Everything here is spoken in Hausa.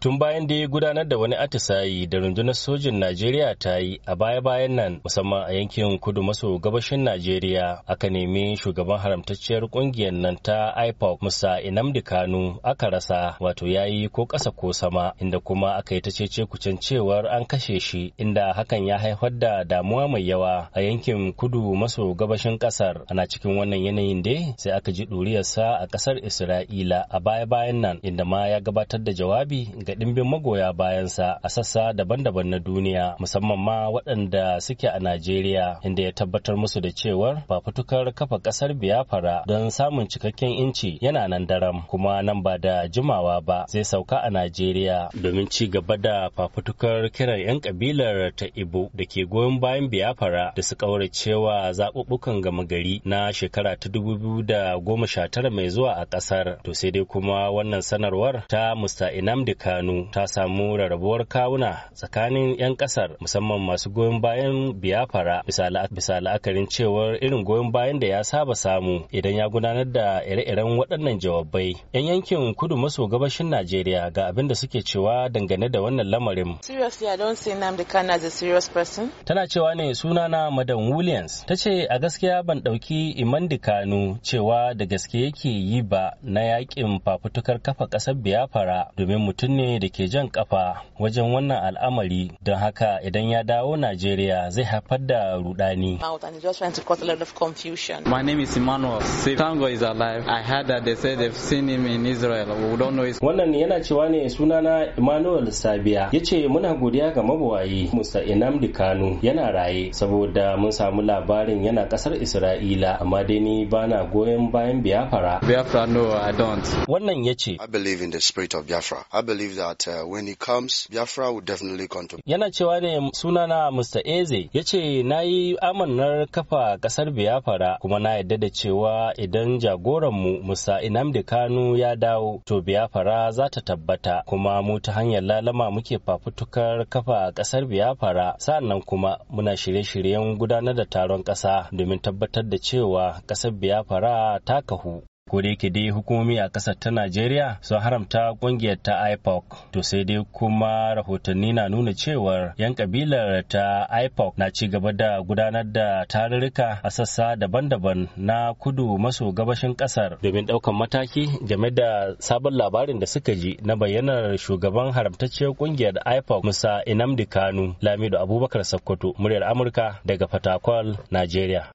tun bayan da ya gudanar da wani atisayi da rundunar sojin najeriya ta yi a baya-bayan nan musamman a yankin kudu maso gabashin najeriya aka nemi shugaban haramtacciyar kungiyar nan ta ipoc musa inamdi kanu aka rasa wato yayi ko ƙasa ko sama inda kuma aka yi ta cece kucin cewar an kashe shi inda hakan ya haifar da damuwa mai yawa a yankin kudu maso gabashin ƙasar ana cikin wannan yanayin dai sai aka ji ɗuriyarsa a ƙasar isra'ila a baya-bayan nan inda ma ya gabatar da jawabi daga ɗimbin magoya bayansa a sassa daban-daban na duniya musamman ma waɗanda suke a Najeriya inda ya tabbatar musu da cewar fafutukar kafa ƙasar Biyafara don samun cikakken inci yana nan daram kuma nan ba da jimawa ba zai sauka a Najeriya domin ci gaba da fafutukar kiran 'yan kabilar ta Ibo da ke goyon bayan Biyafara da su cewa zaɓuɓɓukan gama gari na shekara ta da goma 2019 mai zuwa a ƙasar to sai dai kuma wannan sanarwar ta Musta Inamdi Kano shanu ta samu rarrabuwar kawuna tsakanin 'yan kasar musamman masu goyon bayan biyafara bisa la'akarin cewar irin goyon bayan da ya saba samu idan ya gudanar da ire-iren waɗannan jawabai 'yan yankin kudu maso gabashin najeriya ga abin da suke cewa dangane da wannan lamarin tana cewa ne sunana madam williams ta ce a gaskiya ban ɗauki imandi kanu cewa da gaske yake yi ba na yakin fafutukar kafa ƙasar biyafara domin mutum ne da ke jan kafa wajen wannan al'amari don haka idan ya dawo Najeriya zai haifar da rudani. My name is Emmanuel. Tango is alive. I heard that they said they've seen him in Israel. We don't know his... Wannan yana cewa ne sunana Emmanuel Sabiya. Ya ce muna godiya ga mabuwayi Musa Inamdi Kanu yana raye saboda mun samu labarin yana kasar Isra'ila amma dai ni bana goyon bayan Biafra. Biafra no I don't. Wannan ya ce. I believe in the spirit of Biafra. I believe that uh, when he comes, Biafra will definitely come to. Yana cewa ne sunana Mr. Eze ya ce na yi amannar kafa kasar Biafra kuma na yadda da cewa idan jagoranmu Musa Inamdi Kanu ya dawo to Biafra za ta tabbata kuma mu ta hanyar lalama muke fafutukar kafa kasar Biafra sannan kuma muna shirye-shiryen gudanar da taron kasa domin tabbatar da cewa kasar Biafra ta kahu. ko da yake dai hukumomi a ƙasar ta najeriya sun haramta ƙungiyar ta ipoc to sai dai kuma rahotanni na nuna cewar yan kabilar ta ipoc na ci gaba da gudanar da tarurruka a sassa daban-daban na kudu maso gabashin ƙasar domin ɗaukar mataki game da sabon labarin da suka ji na bayyanar shugaban haramtacciyar ƙungiyar ipoc musa inamdi kanu lamido abubakar sakkwato muryar amurka daga fatakwal najeriya